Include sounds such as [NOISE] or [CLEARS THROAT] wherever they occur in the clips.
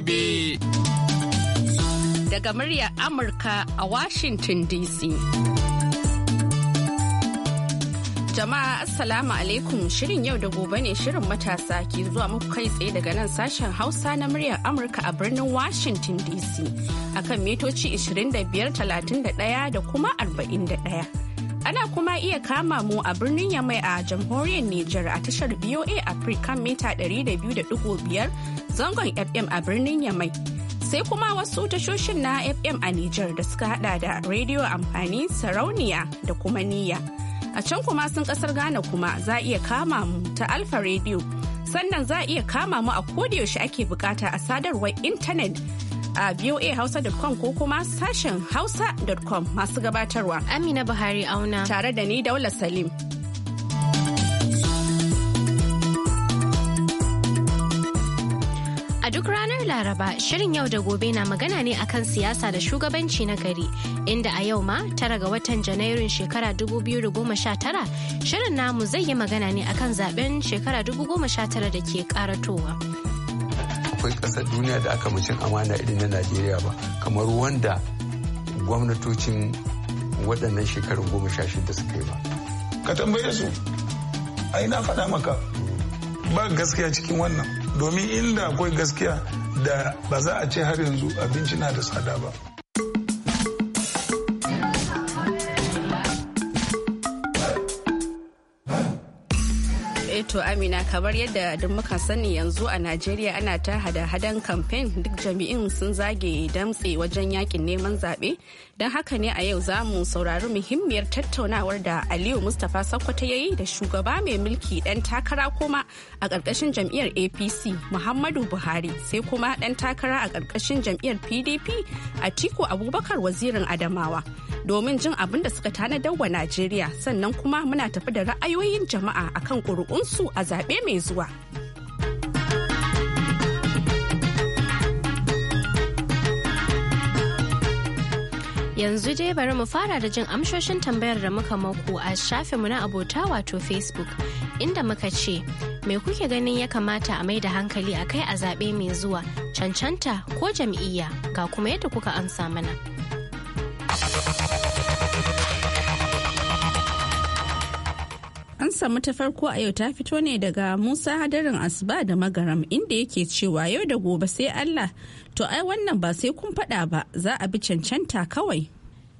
gobe. Daga muryar Amurka a Washington DC. Jama'a Assalamu alaikum shirin yau da gobe ne shirin matasa ke zuwa muku kai tsaye daga nan sashen Hausa na muryar Amurka a birnin Washington DC akan mitoci 25, 31 da kuma 41. Ana kuma iya kama mu a birnin Yamai a jamhuriyar Nijar a tashar BOA Africa mita 200.5 zangon FM a birnin Yamai. Sai kuma wasu tashoshin na FM a Nijar da suka hada da rediyo amfani sarauniya da kuma niyya. A can kuma sun kasar Ghana kuma za iya kama mu ta Alfa Radio. Sannan za iya kama mu a yaushe ake bukata a sadarwar intanet a voahausa.com ko kuma sashen hausa.com masu gabatarwa. Amina Buhari auna. Tare da ni Daula Salim. A duk ranar Laraba, shirin yau da gobe na magana ne akan siyasa da shugabanci na gari, inda a yau ma tara ga watan Janairun shekara 2019, shirin namu zai yi magana ne akan zaben shekara 2019 da ke karatowa. akwai ƙasar duniya da aka mucin amana irin na najeriya ba kamar wanda gwamnatocin waɗannan shekarun goma sha shida suka yi ba ka tambaye su ai na faɗa maka ba gaskiya cikin wannan domin inda akwai gaskiya da ba za a ce har yanzu abinci na da tsada ba to amina kamar yadda duk muka sani yanzu a najeriya ana ta hada-hadan kamfen duk jami'in sun zage damtse wajen yakin neman zaɓe don haka ne a yau za mu saurari muhimmiyar tattaunawar da aliyu mustapha sakwato ya yi da shugaba mai mulki ɗan takara kuma a ƙarƙashin jam'iyyar apc muhammadu buhari sai kuma ɗan takara a ƙarƙashin jam'iyyar pdp atiku abubakar wazirin adamawa domin jin abin da suka tanadar wa najeriya sannan kuma muna tafi da ra'ayoyin jama'a akan ƙuri'unsu su a zaɓe mai zuwa. Yanzu dai bari mu fara da jin amshoshin tambayar da muka maku a shafinmu na abota wato Facebook inda muka ce, Me kuke ganin ya kamata a mai da hankali a kai a zaɓe mai zuwa, cancanta ko jam'iyya ga kuma yadda kuka amsa mana. an samu ta farko a yau ta fito ne daga musa hadarin asuba da magaram inda yake cewa yau da gobe sai allah to ai wannan ba sai kun faɗa ba za a bi cancanta kawai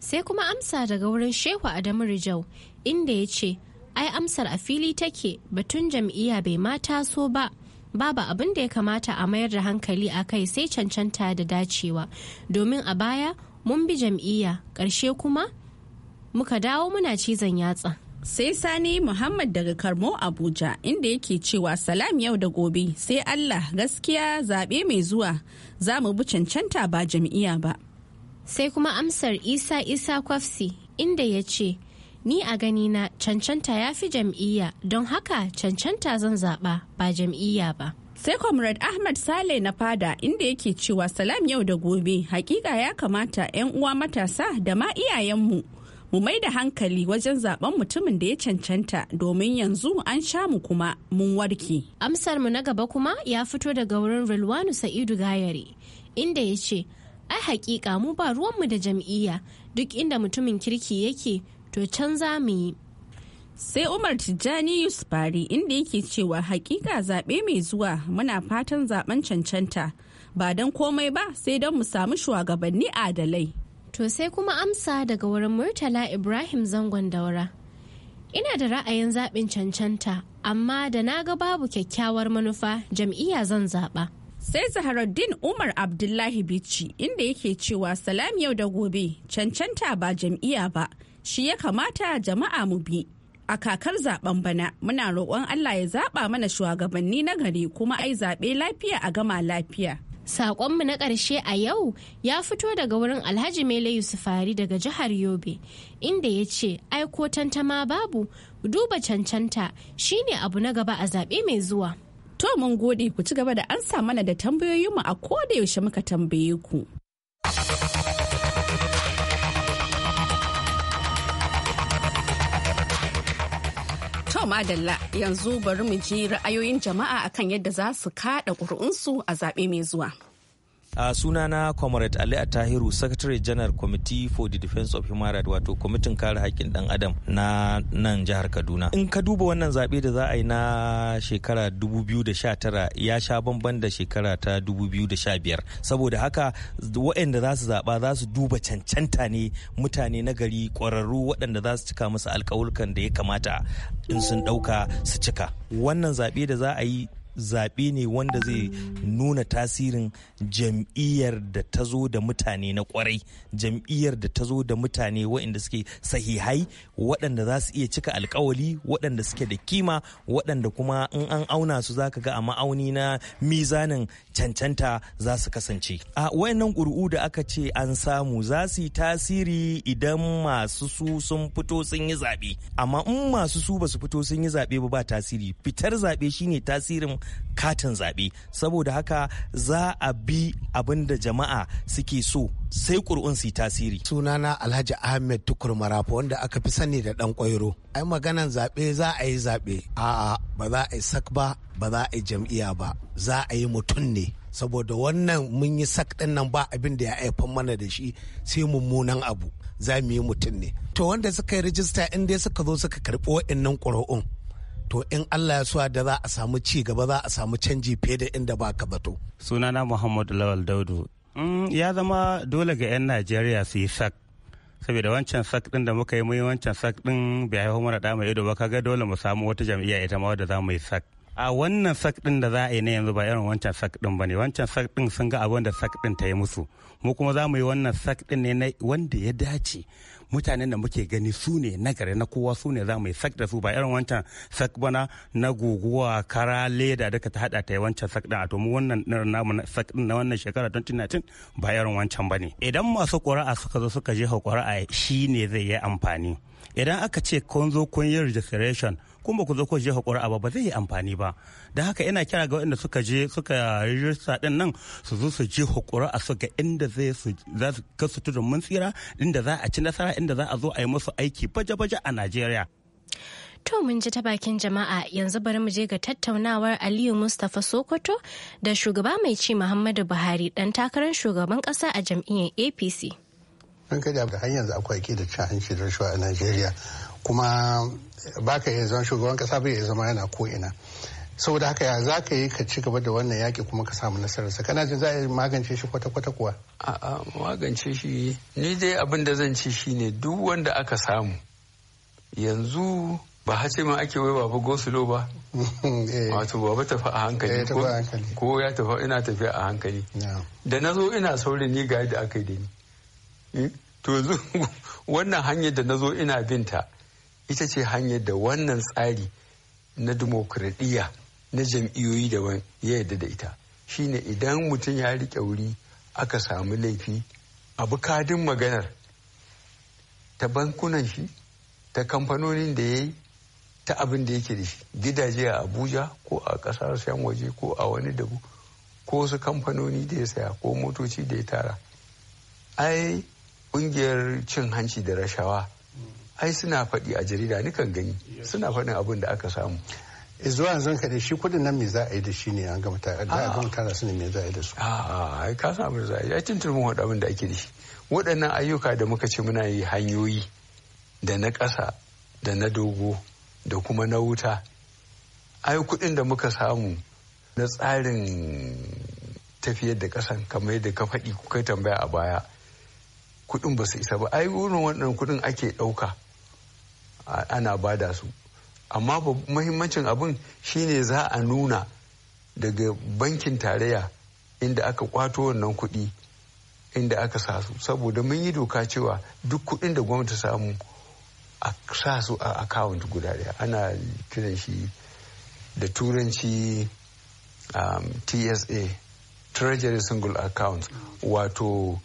sai kuma amsa daga wurin shehu adamu rijau inda ya ce ai amsar a fili take batun jam'iyya bai ma taso ba babu abin da ya kamata a mayar da hankali a kai sai cancanta da dacewa domin a baya mun bi jam'iyya ƙarshe kuma muka dawo muna cizon yatsa sai sani muhammad daga karmo abuja inda yake cewa salam yau da gobe sai allah gaskiya zaɓe mai zuwa za mu bi cancanta ba jam'iyya ba sai kuma amsar isa isa kwafsi inda ya ce ni a gani na cancanta ya fi jam'iyya don haka cancanta zan zaɓa ba jam'iyya ba sai comrade ahmad sale na fada inda yake cewa salam yau da gobe hakika ya kamata 'yan uwa matasa da ma iyayenmu mu mai da hankali wajen zaben mutumin da ya cancanta domin yanzu an sha mu kuma mun warke. Amsar mu na gaba kuma ya fito daga wurin Rilwanu Sa'idu Gayare inda ya ce, "Ai hakika mu ba ruwanmu da jam'iyya duk inda mutumin kirki yake to can za mu yi." sai umar tijjani yusufari inda yake cewa hakika zaɓe mai zuwa muna fatan zaben cancanta ba don komai ba sai don mu samu shugabanni adalai To sai kuma amsa daga wurin Murtala Ibrahim zangon daura. Ina da ra'ayin zaɓin cancanta, amma da na ga babu kyakkyawar manufa jam'iyya zan zaɓa. Sai Zaharaddin Umar Abdullahi Bichi inda yake cewa salam yau da gobe cancanta ba jam'iyya ba, shi ya kamata jama'a mu bi. a kakar zaben bana muna roƙon Allah ya zaɓa mana shugabanni na gari kuma ai zaɓe lafiya a gama lafiya. Saƙonmu na ƙarshe a yau ya fito daga wurin Alhaji Mele Yusufari daga jihar Yobe, inda ya ce, "Aiko tantama babu, duba cancanta shine abu na gaba a zaɓe mai zuwa." To mun gode ku ci gaba da sa mana da tambayoyinmu a koda yaushe muka tambaye ku. madalla yanzu bari mu ji ra'ayoyin jama'a akan yadda za su kaɗa ƙuri'unsu a zaɓe mai zuwa. a sunana comrade ali atahiru secretary general committee for the defense of human rights wato kwamitin kare haƙƙin dan adam na nan jihar kaduna in ka duba wannan zaɓe da za a yi na shekara 2019 ya sha bamban da shekara ta 2015 saboda haka waɗanda za su zaɓa za su duba cancanta ne mutane na gari ƙwararru waɗanda za su cika musu alƙawurkan da ya kamata in sun ɗauka su cika wannan zaɓe da za a yi zaɓe ne wanda zai nuna tasirin jam'iyyar da ta zo da mutane na kwarai jam'iyyar da ta zo da mutane waɗanda suke sahihai waɗanda za su iya cika alkawali waɗanda suke da kima waɗanda kuma in an auna su za ka ga a ma'auni na mizanin cancanta za su kasance a wayannan ƙuri'u da aka ce an samu za su yi tasiri idan masu su sun fito sun yi zaɓe amma in masu su ba su fito sun yi zaɓe ba ba tasiri fitar zaɓe shine tasirin katin zaɓe saboda haka za a bi abin da jama'a suke so sai ƙuri'un su tasiri. Sunana Alhaji Ahmed Tukur Marafa wanda aka fi sani da ɗan kwairo. Ai maganan zaɓe za a yi zaɓe. A'a ba za a yi sak ba ba za a yi jam'iyya ba za a yi mutum ne. Saboda wannan mun yi sak ɗin nan ba abin da ya haifar mana da shi sai mummunan abu za mu yi mutum ne. To wanda suka yi rijista in dai suka zo suka karɓi waɗannan ƙuri'un. to in Allah ya suwa da za a samu ci gaba za a samu canji fiye da inda ba ka bato. Sunana Muhammadu Lawal Daudu Mm, ya zama dole ga 'yan najeriya su yi sak saboda wancan sak din da muka yi muyi wancan sak din bai haihu mana da mai ido ba kaga dole mu samu wata jam'iyya ita ma wadda za mu yi sak a wannan sak din da za a yi na yanzu ba irin wancan sak din ne wancan sak din sun ga abin da sak din ta yi musu mu kuma za mu yi wannan sak din ne na wanda ya dace mutanen da muke gani su ne na gare na kowa su ne za mu yi sak da su ba irin wancan sak bana na guguwa kara leda duka ta hada ta yi wancan sak din a mu wannan namu sak din na wannan shekara 2019 ba irin wancan ba ne idan masu ƙuri'a suka zo suka ha ƙuri'a shi ne zai yi amfani idan aka ce kun zo kun yi registration kuma ku zo ku je hakura ba ba zai yi amfani ba da haka ina kira ga waɗanda suka je suka rijista din nan su zo su je a su ga inda zai su za su kasu tudun mun tsira inda za a ci nasara inda za a zo a yi musu aiki baje-baje a Najeriya. To mun ji ta bakin jama'a yanzu bari mu je ga tattaunawar Aliyu Mustapha Sokoto da shugaba mai ci Muhammadu Buhari dan takarar shugaban kasa a jam'iyyar APC. An kada hanyar da akwai da cin hanci da rashawa a Najeriya kuma ba ka iya zama shugaban kasa bai iya zama yana ko'ina saboda haka ya za ka yi ka ci gaba da wannan yaƙi kuma ka samu nasararsa kana jin za a magance shi kwata-kwata kuwa a'a magance shi ni dai abin da zan ci shi ne duk wanda aka samu yanzu ba ce ma ake wai babu gosulo ba [LAUGHS] eh. wato baba tafi a eh, hankali ko ya tafi ina tafiya a hankali da na zo ina sauri ni ga yadda aka yi da ni hmm? to yanzu [LAUGHS] wannan hanyar da na zo ina binta ita ce hanyar da wannan tsari na dimokuraɗiyya na jam'iyyoyi daban ya yarda da ita shine idan mutum ya riƙe wuri aka samu laifi a bukadin maganar ta bankunan shi ta kamfanonin da ya yi ta abin da yake da shi gidaje a abuja ko a ƙasar shan waje ko a wani dabu ko su kamfanoni da ya saya ko motoci da ya tara ai ƙungiyar cin hanci da rashawa ai suna faɗi a jarida nikan gani suna faɗin abin da aka samu eh, zuwa yanzu ka shi kudin nan me za a yi da shi ne an gama ta da abin kana su ne me za a yi da su a ai ka samu za a yi tun tun mun wada abin da ake da shi waɗannan ayyuka da muka ce muna yi hanyoyi da na ƙasa da na dogo da kuma na wuta ai kudin da muka samu na tsarin tafiyar da ƙasan kamar yadda ka faɗi kuka tambaya a baya kudin ba su isa ba ai wurin wannan kudin ake ɗauka ana bada su amma mahimmancin abin shine za a nuna daga bankin tarayya inda aka kwato wannan kuɗi inda aka sa su saboda mun yi doka cewa duk kuɗin da gwamnati samu a sa su a akawunt guda daya ana kiran shi da turanci um, tsa treasury single account wato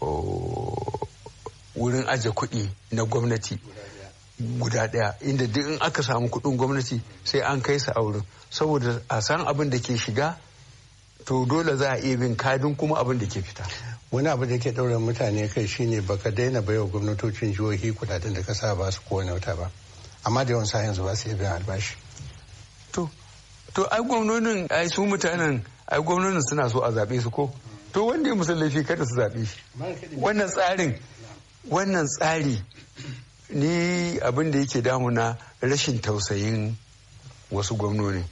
oh, wurin aje kuɗi na gwamnati guda ɗaya inda duk in aka samu kuɗin gwamnati sai an kai su wurin saboda a san abin da ke shiga to dole za a iya bin kadin kuma abin da ke fita wani abu da ke daura mutane kai shine baka daina baiwa gwamnatocin jihohi kudaden da ka sa ba su kowane wata ba amma da yawan yanzu ba su iya albashi to to ai gwamnonin ai su mutanen ai gwamnonin suna so a zaɓe su ko to wanda ya musallafi kada su zabe shi wannan tsarin wannan tsari ni abin da yake damuna rashin tausayin wasu gwamnoni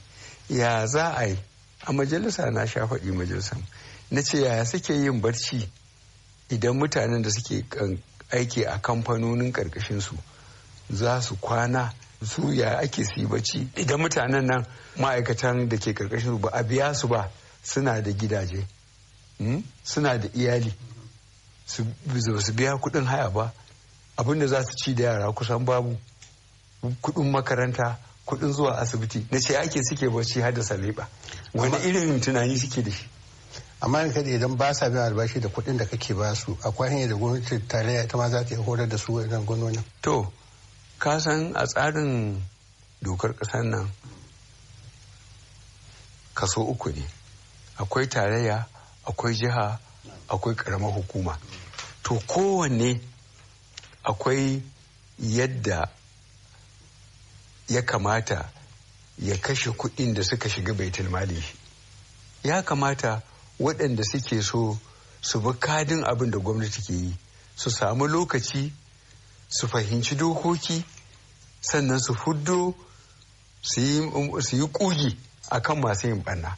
ya za a yi a majalisa na sha faɗi majalisa na ce yaya suke yin barci idan mutanen da suke aiki a kamfanonin ƙarƙashinsu za su kwana su ya ake su yi barci idan mutanen nan ma'aikatan da ke karkashin su ba a biya su ba suna da gidaje hmm? suna da iyali su biya kuɗin haya ba abin da za su ci da yara kusan babu kuɗin makaranta kuɗin zuwa asibiti na ce ake suke bacci har da saliba wani irin tunani suke da shi amma in kada idan ba sa biyan albashi da kuɗin da kake ba su akwai hanyar da gwamnatin tarayya ita ma za ta horar da su waɗannan gwamnonin. to ka san a tsarin dokar kasar nan kaso uku ne akwai tarayya akwai jiha akwai karamar hukuma to kowanne akwai yadda ya kamata ya kashe kuɗin da suka shiga baitul mali ya kamata waɗanda suke so su bi kadin abin da gwamnati ke yi su samu lokaci su fahimci dokoki sannan su fuddo su yi ƙugi a kan masu yin ɓanna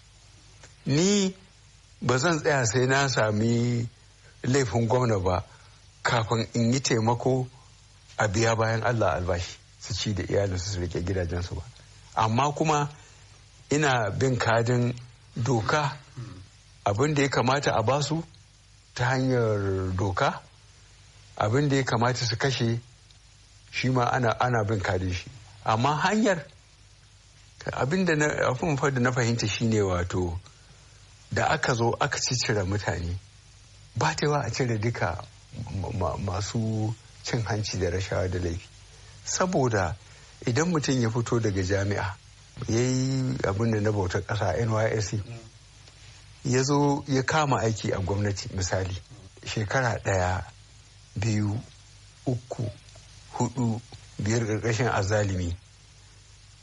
ni ba zan tsaya sai na sami laifin gwamna ba kafin in yi taimako a biya bayan allah albashi su ci da iyalinsu su rike gidajensu ba amma kuma ina bin kadin doka abin da ya kamata a basu ta hanyar doka abin da ya kamata su kashe shi ma ana bin kadin shi amma hanyar abin da na fahimta shine wato da aka zo aka ci cire mutane ba ta a cire duka masu cin hanci da rashawa da laifi saboda idan mutum ya fito daga jami'a ya yi abin da na bautar ƙasa nysc ya zo ya kama aiki a gwamnati misali shekara ɗaya biyu uku hudu biyar ƙarƙashin azalimi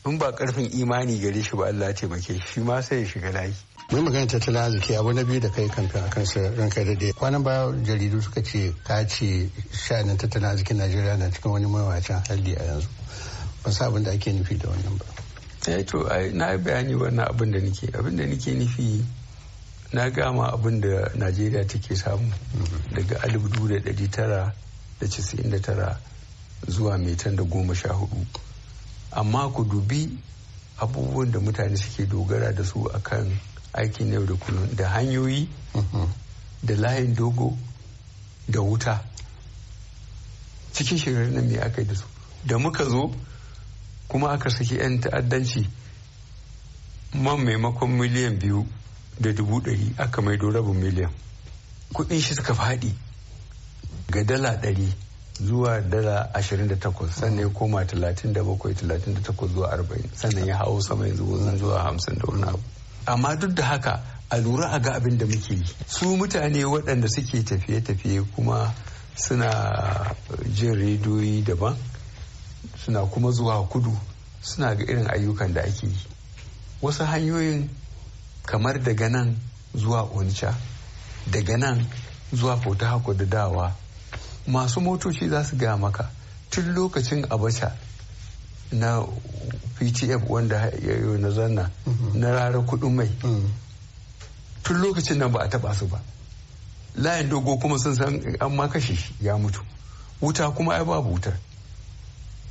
in ba ƙarfin imani gare shi ba Allah taimake shi ma sai ya shiga layi Mai magana tattalin arziki abu na biyu da kai kamfe a kansa ranka da Kwanan baya jaridu suka ce ka ce sha'anin tattalin arzikin Najeriya na cikin wani mawacin hali a yanzu. Ba sa abin da ake nufi da wannan ba. Eh to na bayani wannan abin da nake abin da nake nufi na gama abin da Najeriya take samu daga tara zuwa mai da goma sha hudu. Amma ku dubi abubuwan da mutane suke dogara da su akan aikin yau da kullum da hanyoyi mhm. da layin dogo da wuta cikin shekarar nan me aka yi da su da muka zo kuma aka saki 'yan ta'addanci man maimakon miliyan biyu da dubu ɗari aka maido rabin miliyan kuɗin shi suka faɗi ga dala ɗari zuwa dala 28 sannan ya koma 37 38 zuwa 40 sannan ya hau sama yanzu wajen zuwa 50 da abu amma duk da haka a lura a ga abin da muke yi su mutane waɗanda suke tafiye-tafiye kuma suna jin rediyoyi daban suna kuma zuwa kudu suna ga irin ayyukan da ake yi wasu hanyoyin kamar daga nan zuwa onitsha daga nan zuwa fota da dawa masu motoci za su gaya maka tun lokacin abacha na ptf wanda ya na zanna mhm. na rara kudin mai mhm. tun lokacin nan ba a taba su ba layin dogo kuma sun san an makashi kashe ya mutu wuta kuma ai babu wutar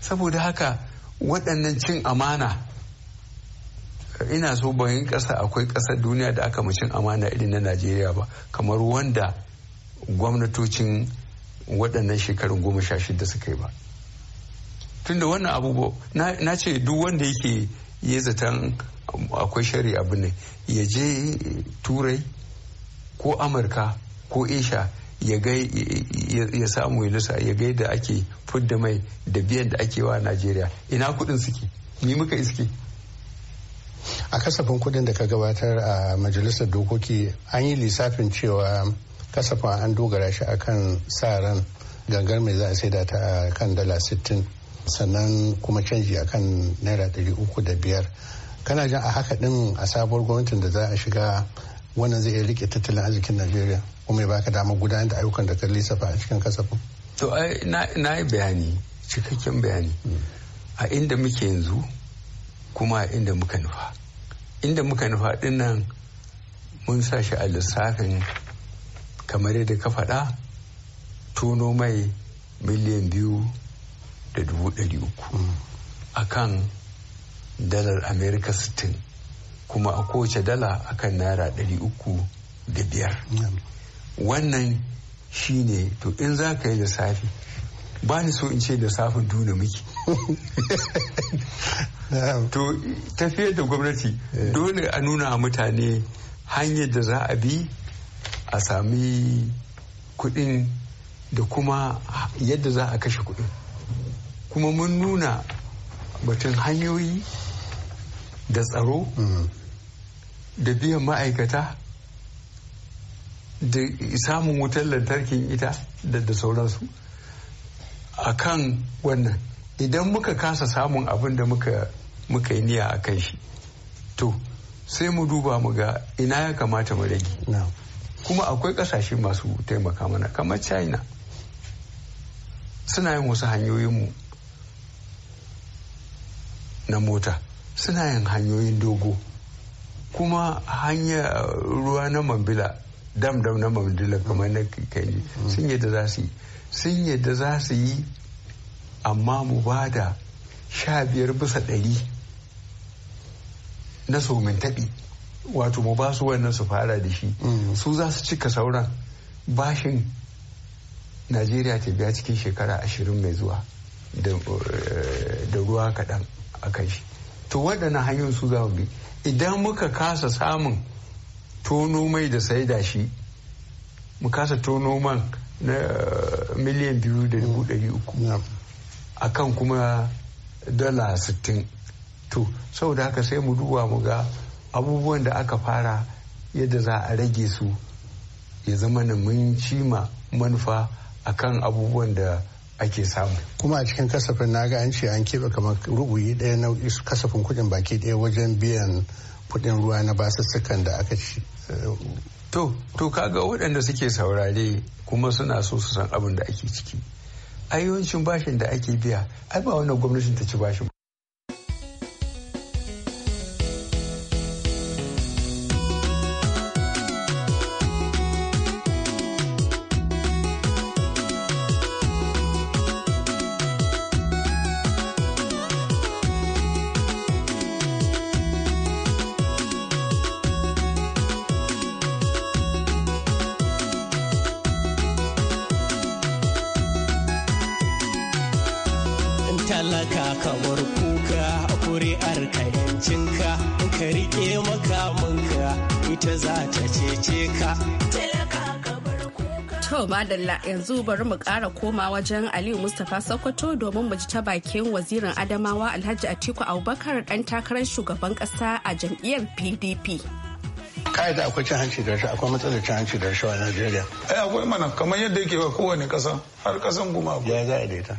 saboda haka waɗannan cin amana ina so bayan ƙasa akwai ƙasar duniya da aka cin amana irin na najeriya ba kamar wanda gwamnatocin waɗannan shekarun goma sha shida suka yi ba tunda wannan abubuwa na ce duk wanda yake ya zaton akwai shari abu ne ya je turai ko amurka ko isha ya samu ya lissa ya gai da ake fudda mai da biyan da ake wa najeriya ina kudin suke ni muka iske a kasafin kudin da ka gabatar a majalisar dokoki an yi lissafin cewa kasafin an dogara shi akan sa ran gangar mai za a saida ta a kan dala 60 sannan kuma canji a kan naira 305 kana jan a haka din a sabuwar gwamnatin da za a shiga wannan zai iya rike tattalin arzikin najeriya kuma ya baka damar gudanar da ayyukan da ka lissafa a cikin kasafin to na yi bayani cikakken bayani hmm. a inda muke yanzu kuma a inda muka nufa inda muka nufa dinnan mun sa shi a lissafin kamar yadda ka faɗa tono mai miliyan biyu da dubu ɗari uku a kan dalar amerika sittin kuma a kowace dala akan naira ɗari uku da biyar wannan shine to in za ka yi lissafi ba ni so in ce lissafin duna miki to tafiyar da gwamnati eh. dole a nuna mutane hanyar da za a bi a sami kuɗin da kuma yadda za a kashe kuɗin kuma mun nuna batun hanyoyi da tsaro da biyan ma'aikata da samun wutar lantarkin ita da da sauransu a kan wannan idan muka kasa samun abin da muka yi niya a kan shi to sai mu duba mu ga ina ya kamata mu rage kuma akwai kasashe masu taimaka mana kamar china suna yin wasu hanyoyinmu na mota suna yin hanyoyin dogo kuma hanya ruwa na mambila dam dam na mambila kamar na kanji sun yadda za su yi sun yadda za su yi amma mu ba da sha biyar bisa ɗari na somin taɓi wato mu ba su wannan su fara da shi mm. su za su cika sauran bashin najeriya ta biya cikin shekara ashirin mai zuwa da eh, ruwa kaɗan a kan shi to waɗannan hanyoyin su za bi idan muka kasa samun tono mai da sai da shi mu kasa tono man na eh, miliyan biyu da dubu mm. ɗari uku a kan kuma dala sittin to sau da haka sai mu duba mu ga abubuwan da aka fara yadda za a rage su ya zama na mun cima manufa kan abubuwan da ake samu. kuma a cikin kasafin na ga an ce an keɓe kamar rubuyi ɗaya na kasafin kudin baki ɗaya wajen biyan kuɗin ruwa na basussukan da aka ci. to to kaga waɗanda suke saurare kuma suna so su san abin da ake ciki. ayyancin bashin da ake biya ai ba wannan gwamnatin ta ci bashin ka riƙe makamanka ita za ta cece ka. To madalla yanzu bari mu ƙara koma wajen Aliyu Mustapha Sokoto domin mu ji ta bakin wazirin Adamawa Alhaji Atiku Abubakar ɗan takarar shugaban ƙasa a jam'iyyar PDP. da akwai cin hanci da akwai matsalar cin hanci da rashawa a Najeriya. Ai eh, akwai mana kamar yadda yake ba kowane ƙasa har ƙasan kuma akwai. Ya za a daita.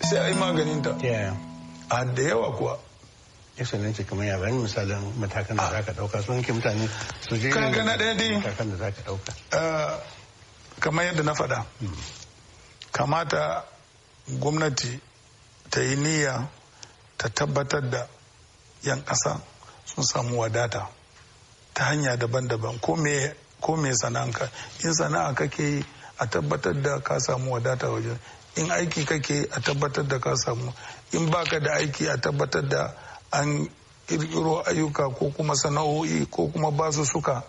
Sai a yi maganin ta. A da yawa kuwa. excellency kamar ya bayan misalin matakan da ah. ka dauka sun ke mutane su je kan matakan da zaka dauka eh, kamar yadda na faɗa hmm. kamata gwamnati ta yi niyya ta tabbatar da yan ƙasa sun samu wadata ta hanya daban-daban ko me sana'anka in sana'a kake yi a tabbatar da ka samu wadata wajen in aiki kake a tabbatar da ka samu in baka da aiki a tabbatar da an kirkiro ayyuka ko kuma sana'o'i ko kuma basu suka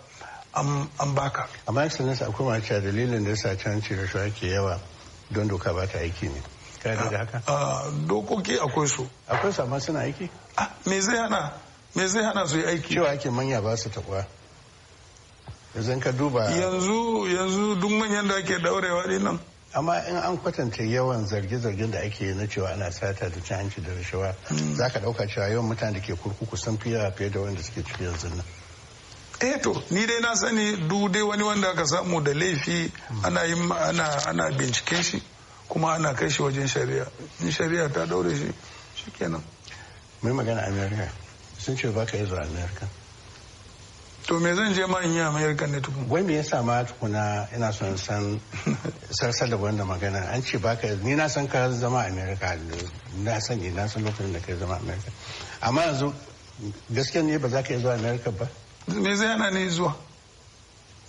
an baka. amma excellence akwai mace dalilin da yasa can ce da ke yawa don doka ba ta aiki ne kada da haka dokoki akwai su akwai su amma suna aiki ah, me zai hana me zai hana su yi aiki cewa ake manya ba su takwa yanzu ka duba yanzu yanzu duk manyan da ake daurewa dinnan amma in an kwatanta yawan zarge-zargen da ake na cewa ana sata da cin hanci da rashawa hmm. za ka ɗauka cewa yawan mutane da ke kurkuku sun fiye fiye da wanda suke ciki yanzu nan eh to ni dai na sani duk dai wani wanda aka samu da laifi hmm. ana yi ana ana binciken shi kuma ana kai shi wajen shari'a in shari'a ta daure shi shikenan mai magana amerika sun ce ba ka yi zuwa amerika to me zan je ma in yi america ne tukun wai me yasa ma tukuna ina son san sarsar da wanda magana an ce baka ni na san ka zama america na sani na san lokacin da ka zama america amma yanzu gaskiya ne ba za ka yi zuwa america ba me zai yana ni zuwa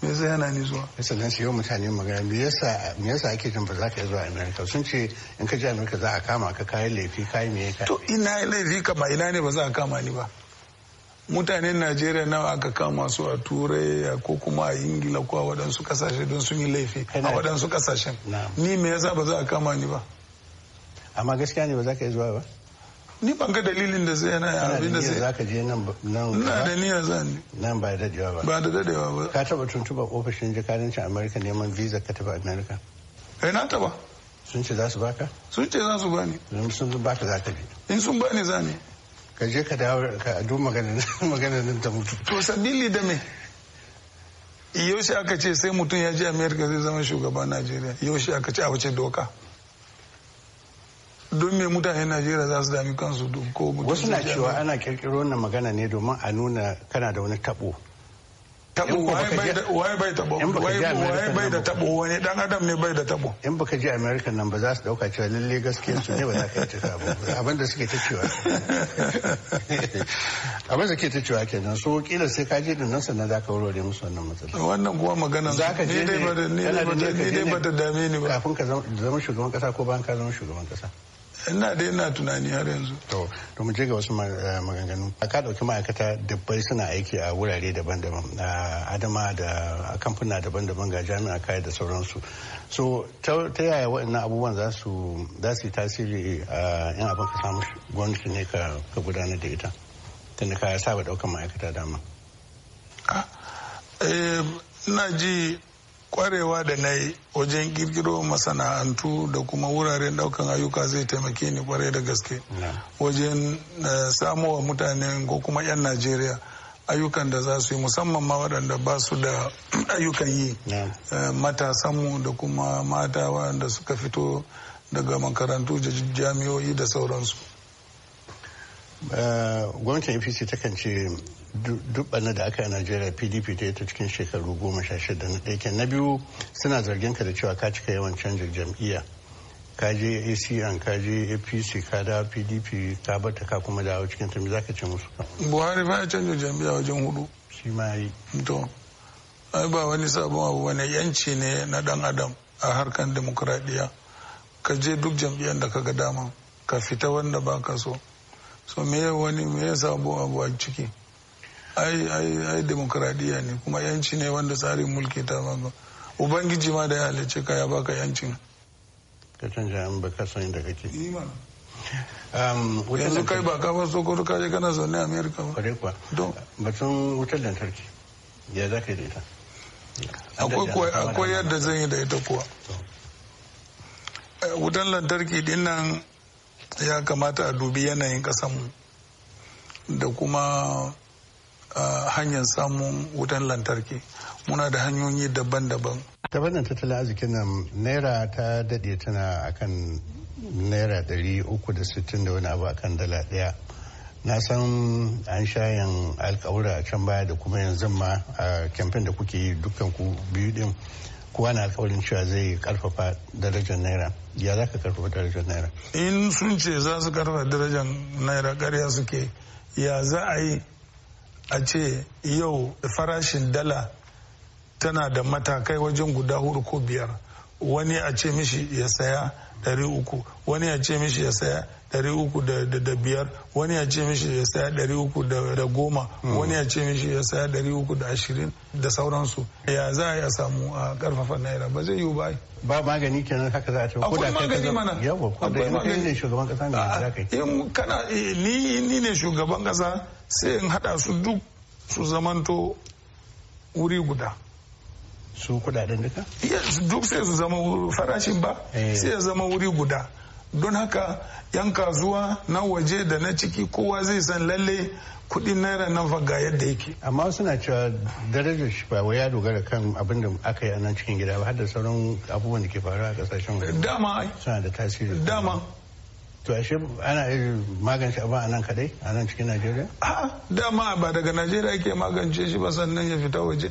me zai yana ni zuwa sannan sai yau mutane magana me yasa me yasa ake jin ba za ka yi zuwa america sun ce in ka je america za a kama ka kai laifi kayi me ka to ina laifi kama ina ne ba za a kama ni ba mutanen najeriya nawa aka kama su a turai ko kuma a ingila ko a waɗansu kasashe don sun yi laifi a waɗansu kasashen ni me yasa ba za a kama ni ba amma gaskiya ne ba za ka yi zuwa ba ni ban ga dalilin da zai na abin da zai za ka je nan nan ina da niyya zan nan ba da dadewa ba ba da dadewa ba ka taba tuntuba ofishin jikarancin amerika neman visa ka taba Amerika. kai eh, na taba sun ce za su baka sun ce za su bani sun ka za ka bi in sun bani za ni ka je ka dawo ka magana [LAUGHS] nan ta mutu to sabili da me yaushe aka ce sai mutum ya je amerika zai zama shugaban najeriya yaushe aka ce a wace doka don me mutane najeriya za su dami kansu ko wasu na cewa ana kirkiro wannan magana ne domin a nuna kana da wani tabo tabo waye bai tabo waye bai da tabo wani dan adam ne bai da tabo in baka ji American nan ba za su dauka cewa lalle gaskiyar su ne ba za ka yi ta ba abin da suke ta cewa abin da ke ta cewa kenan so kila sai ka je din nan sannan za ka warware musu wannan matsala wannan kuwa magana za ka je ne dai ba da dame ni ba kafin ka zama shugaban kasa ko bayan ka zama shugaban kasa ina da ina tunani har yanzu to to mu je ga wasu eh, maganganu ka dauki ma'aikata dabbai suna aiki a wurare daban-daban a adama da a kamfuna daban-daban ga jami'a kai da sauransu so ta yaya waɗannan abubuwan za su za su yi tasiri a yan abin ka samu gwamnati ne ka gudanar da ita tunda ka saba daukan ma'aikata dama ah, eh, ina ji kwarewa da na yi wajen kirkiro masana'antu da kuma wuraren daukan ayyuka zai taimake ni kwarai da gaske wajen eh, samo mutane ko kuma 'yan najeriya ayyukan da za su yi musamman ma waɗanda ba su da [CLEARS THROAT] ayyukan yi eh, matasanmu da kuma mata waɗanda suka fito daga makarantu da jami'o'i da sauransu Eh, gwamnatin apc takan ce duk da aka yi a najeriya pdp ta yi ta cikin shekaru goma sha shida na ɗaya na biyu suna zargin ka da cewa ka cika yawan canjin jam'iyya ka je acn ka je apc ka da pdp ka bata ka kuma dawo cikin ta za ka ce musu buhari ba ya canza jam'iyya wajen hudu shi ma yi to ai ba wani sabon abu wani yanci ne na dan adam a harkar demokuraɗiyya ka je duk jam'iyyar da ka ga dama ka fita wanda ba ka so so me ya wani me ya sabo abu a ciki ai ai ai demokradiyya ne kuma yanci ne wanda tsarin mulki ta maka ubangiji ma da ya halice ka ya baka yancin ka canja an baka san da kake um, yanzu kai ba ka faso ko ka je kana zaune a america ba kare kuwa batun wutar lantarki ya za ka yi da ita akwai yadda zan yi da ita kuwa eh, wutan lantarki dinnan ya kamata a dubi yanayin kasanmu da kuma hanyar samun wutan lantarki muna da hanyoyi daban-daban ta tattalin arzikin nan naira ta daɗe tana akan naira ɗari uku da sittin da wani abu akan dala ɗaya na san an shayin alkawura can baya da kuma yanzu ma a kamfen da kuke yi dukkan ku biyu din Kuwa na alkawarin cewa zai karfafa darajar naira ya za ka karfafa darajar naira in sun ce za su karfafa darajar naira karya suke ya za a yi a ce yau farashin dala tana da matakai wajen guda hudu ko biyar wani a ce mishi ya saya dari uku wani a ce mishi ya saya dari uku da biyar wani a ce mishi ya saya dari uku da goma mm. wani a ce mishi ya saya dari uku da ashirin da sauransu ya za a samu a karfafa naira ba zai yiwu ba ba magani kenan haka za a ce ko da magani mana yawa ko da kai shugaban kasa ne za ka yi kana eh, ni ni ne shugaban kasa sai in hada su duk su zamanto wuri guda su kudaden duka duk sai su zama farashin ba eh. sai ya zama wuri guda don haka yan kasuwa na waje da na ciki kowa zai san lalle kudin naira nan fa ga yadda yake amma suna cewa darajar shi ba wai ya dogara kan abin da aka yi a nan cikin gida ba har da sauran abubuwan da ke faruwa a kasashen waje dama suna da tasiri dama to ashe ana magance abin a nan kadai a nan cikin najeriya a'a dama ba daga najeriya ke magance shi ba sannan ya fita waje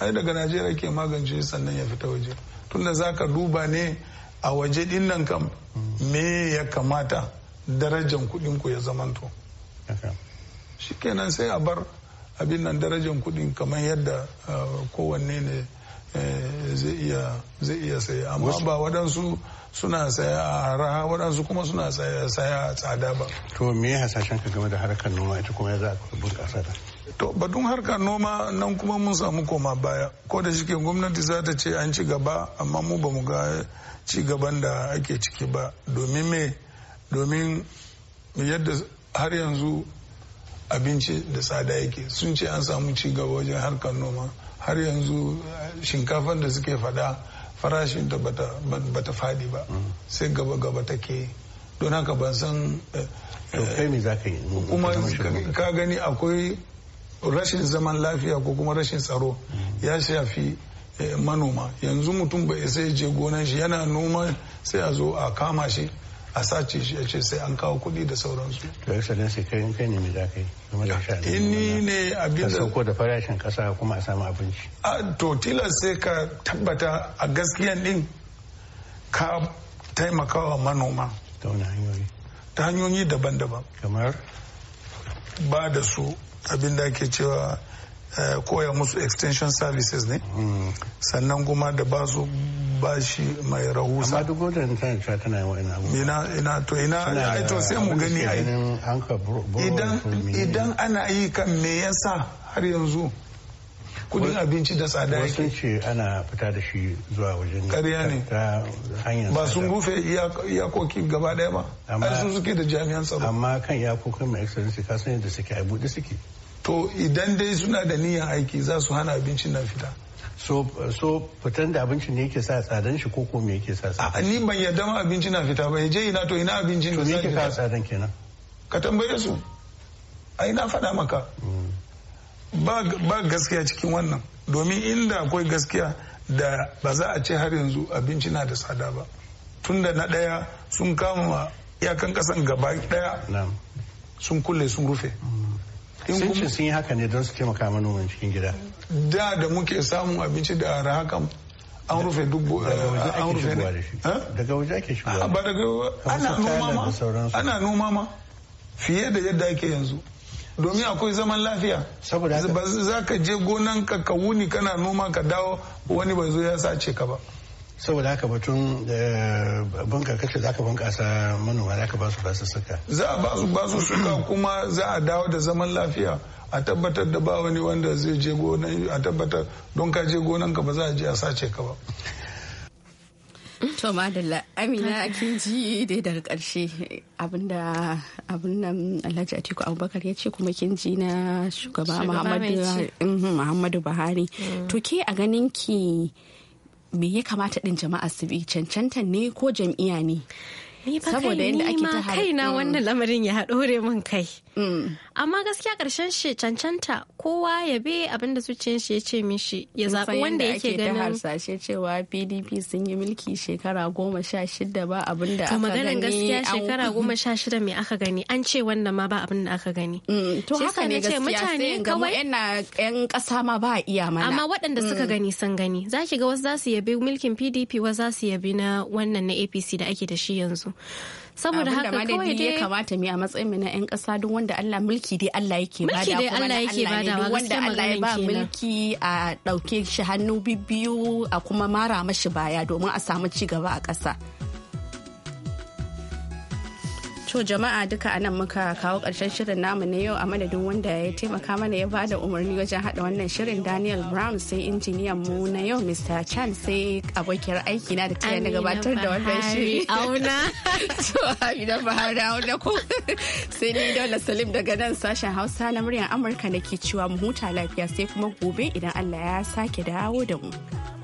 ai daga najeriya ke magance sannan ya fita waje tunda za ka duba ne a waje din nan kam me ya kamata darajan kudin ku ya zamanto shikenan sai a bar abin nan darajan kudin kamar yadda eh, kowanne ne eh, zai iya saya amma ba waɗansu suna saya a raha waɗansu kuma suna saya a tsada ba to me hasashen ka game da harkar noma ita kuma ya za a bunƙasa ta to batun harkar noma nan kuma mun samu koma baya ko da shike gwamnati za ta ce an ci gaba amma mu ba mu ga ci gaban da ake ciki ba domin me domin yadda har yanzu abinci da tsada yake sun ce an samu ci gaba wajen harkar noma har yanzu eh, shinkafan da suke fada farashin da bata fadi ba mm. sai gaba gaba take don haka ban san eh, kuma ka gani akwai rashin zaman lafiya ko kuma rashin tsaro ya shafi eh, manoma yanzu mutum bai sai je gonan shi yana noma sai a zo a kama shi a sace shi a ce sai an kawo kuɗi da sauransu. To yasa sannan sai kai kai ne mai za ka yi game da ne abin da. sauko da farashin kasa kuma a samu abinci. A to tilas sai ka tabbata a gaskiyan din ka taimakawa manoma. Ta wani hanyoyi. Ta hanyoyi daban-daban. Kamar? Ba da su abin da ake cewa eh, koya musu extension services ne hmm. sannan kuma da ba su bashi mai rahusa amma duk gwamnatin tana cewa tana yi wa'in abubuwa ina to ina ai to sai mu gani ai idan ana yi kan me yasa har yanzu kudin abinci da tsada yake wasu ce ana fita da shi zuwa wajen Kariya ne ba sun rufe iyakoki gaba daya ba ai su suke da jami'an tsaro amma kan iyakokin mai excellence ka san yadda suke a buɗe suke to idan dai suna da niyyar aiki za su hana abincin nan fita so so fitan da abincin ne yake sa tsadan shi ko ko me yake sa tsadan ni ban yadda ma abinci na fita ba je ina to ina abincin da zai fita tsadan kenan ka tambaye su ai na faɗa maka mm. ba gaskiya cikin wannan domin inda akwai gaskiya da ba za a ce har yanzu abinci na da tsada ba tunda na ɗaya sun kama iyakan kasan gaba ɗaya sun kulle sun rufe mm. sun ce sun yi haka ne don su taimaka manoman cikin gida da da muke samun abinci da ara hakan an rufe duk eh, an rufe daga waje ake shigowa ah, ba daga ana noma ma ana noma ma fiye da yadda ake yanzu domin akwai zaman lafiya saboda za ka je gonan ka ka wuni kana noma ka dawo wani bai zo ya sace ka ba saboda haka batun eh, banka kace za ka bunkasa manoma za ka ba su suka za a ba su suka [CLEARS THROAT] kuma za a dawo da zaman lafiya a tabbatar da ba wani wanda zai je gonan a tabbatar don ka je gonan ka ba za a je a sace ka ba To madalla Amina kin ji dai daga karshe abinda abin nan Alhaji Atiku Abubakar ya ce kuma kin ji na shugaba mhm, Muhammadu Buhari. Mm. To ke a ganin ki me ya kamata din jama'a su bi cancanta ne ko jam'iyya ne? Saboda yadda ake ta kaina mm. wannan lamarin ya haɗore mun kai. amma gaskiya karshen shi cancanta kowa ya bi abinda zuciyar shi ya ce mishi ya zaɓi wanda yake ganin ta harsashe cewa pdp sun yi mulki shekara goma sha shida ba abinda aka gani maganin gaskiya shekara [LAUGHS] goma sha shida me aka gani an ce wannan ma ba abinda aka gani mm, to haka ne gaskiya mutane kawai yan ƙasa ma ba iya mana amma waɗanda suka mm. gani sun gani zaki ga wasu za su yabi mulkin pdp wasu za su yabi na wannan na apc da ake da shi yanzu saboda haka kawai dai ya kamata mu a matsayin mu na yan kasa duk wanda Allah mulki dai Allah yake bada mulki dai Allah yake bada wanda Allah ya ba mulki a dauke shi hannu bibbiyu a kuma mara mashi baya domin a samu ci gaba a kasa To jama'a duka a nan muka kawo ƙarshen shirin namu na yau a madadin wanda ya taimaka mana ya bada umarni wajen haɗa wannan shirin Daniel Brown sai injiniyan mu na yau Mr. Chan sai abokiyar aiki na da ta na gabatar da wannan shiri. Auna. [LAUGHS] To Amina Bahari Auna ko sai ni Daula Salim daga nan sashen Hausa na muryar Amurka nake cewa mu huta lafiya sai kuma gobe idan Allah ya sake dawo da mu.